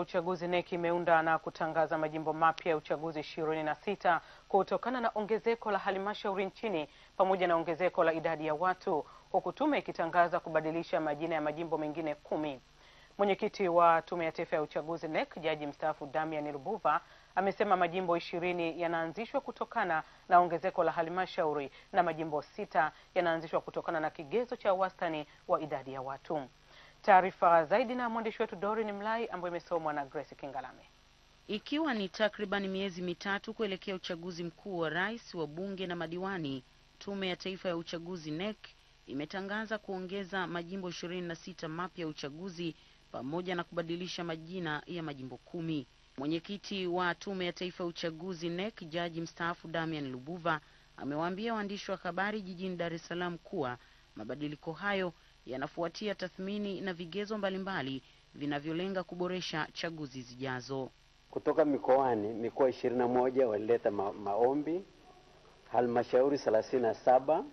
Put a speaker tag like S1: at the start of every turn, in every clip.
S1: uchaguzi NEC imeunda na kutangaza majimbo mapya ya uchaguzi ishirini na sita kutokana na ongezeko la halmashauri nchini pamoja na ongezeko la idadi ya watu, huku tume ikitangaza kubadilisha majina ya majimbo mengine kumi. Mwenyekiti wa Tume ya Taifa ya Uchaguzi NEC, Jaji mstaafu Damian Lubuva amesema majimbo ishirini yanaanzishwa kutokana na ongezeko la halmashauri na majimbo sita yanaanzishwa kutokana na kigezo cha wastani wa idadi ya watu. Taarifa zaidi na mwandishi wetu Dorin Mlai ambayo imesomwa na Grace Kingalame.
S2: Ikiwa ni takriban miezi mitatu kuelekea uchaguzi mkuu wa rais wa bunge na madiwani, Tume ya Taifa ya Uchaguzi NEC imetangaza kuongeza majimbo ishirini na sita mapya ya uchaguzi pamoja na kubadilisha majina ya majimbo kumi. Mwenyekiti wa Tume ya Taifa ya Uchaguzi NEC, jaji mstaafu Damian Lubuva amewaambia waandishi wa habari jijini Dar es Salaam kuwa Mabadiliko hayo yanafuatia tathmini na vigezo mbalimbali vinavyolenga kuboresha chaguzi zijazo.
S3: Kutoka mikoani, mikoa ishirini na moja walileta ma maombi, halmashauri thelathini na saba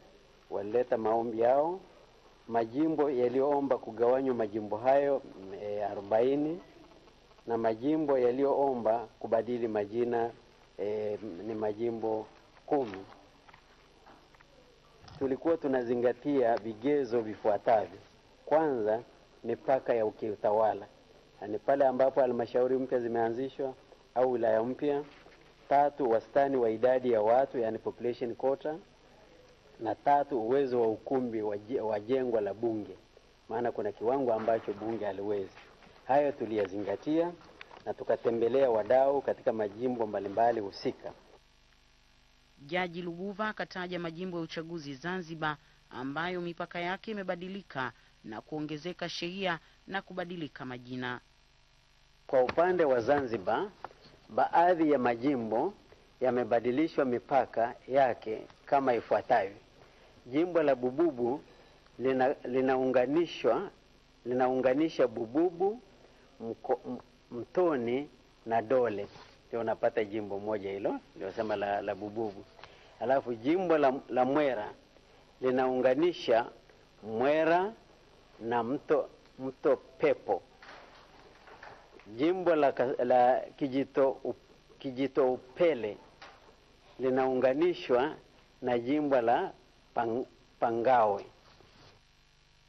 S3: walileta maombi yao, majimbo yaliyoomba kugawanywa majimbo hayo e, arobaini na majimbo yaliyoomba kubadili majina e, ni majimbo kumi tulikuwa tunazingatia vigezo vifuatavyo. Kwanza, mipaka ya ukiutawala, ni yaani pale ambapo halmashauri mpya zimeanzishwa au wilaya mpya. Tatu, wastani wa idadi ya watu, yani population quota, na tatu, uwezo wa ukumbi wa jengo la bunge, maana kuna kiwango ambacho bunge haliwezi. Hayo tuliyazingatia na tukatembelea wadau katika majimbo mbalimbali husika.
S2: Jaji Lubuva akataja majimbo ya uchaguzi Zanzibar ambayo mipaka yake imebadilika na kuongezeka sheria na kubadilika majina.
S3: Kwa upande wa Zanzibar, baadhi ya majimbo yamebadilishwa mipaka yake kama ifuatavyo: jimbo la Bububu lina, linaunganishwa linaunganisha Bububu, mko, Mtoni na Dole, ndio unapata jimbo moja hilo, ndio la, la Bububu. Alafu jimbo la, la Mwera linaunganisha Mwera na mto, mto Pepo. Jimbo la, la Kijito, Kijito Upele linaunganishwa na jimbo la Pang, Pangawe.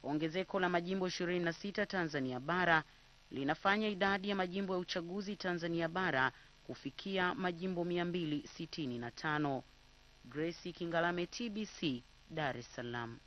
S2: Ongezeko la majimbo 26 Tanzania bara linafanya idadi ya majimbo ya uchaguzi Tanzania bara kufikia majimbo 265. Grace Kingalame, TBC, Dar es Salaam.